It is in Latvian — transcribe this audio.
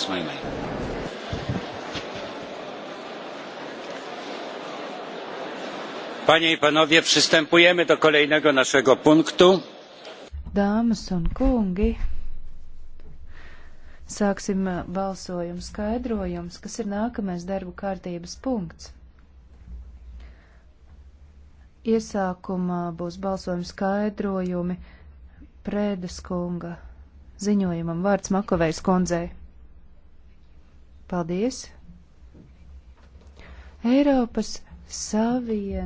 Ismaili. Panie i panowie, przystępujemy do kolejnego naszego punktu. Dāmas un kungi, sāksim uh, balsojumu skaidrojums, kas ir nākamais darbu kārtības punkts. Iesākumā būs balsojuma skaidrojumi Prēdas kunga ziņojumam vārds Makovejs kundzei. Paldies! Eiropas Savie.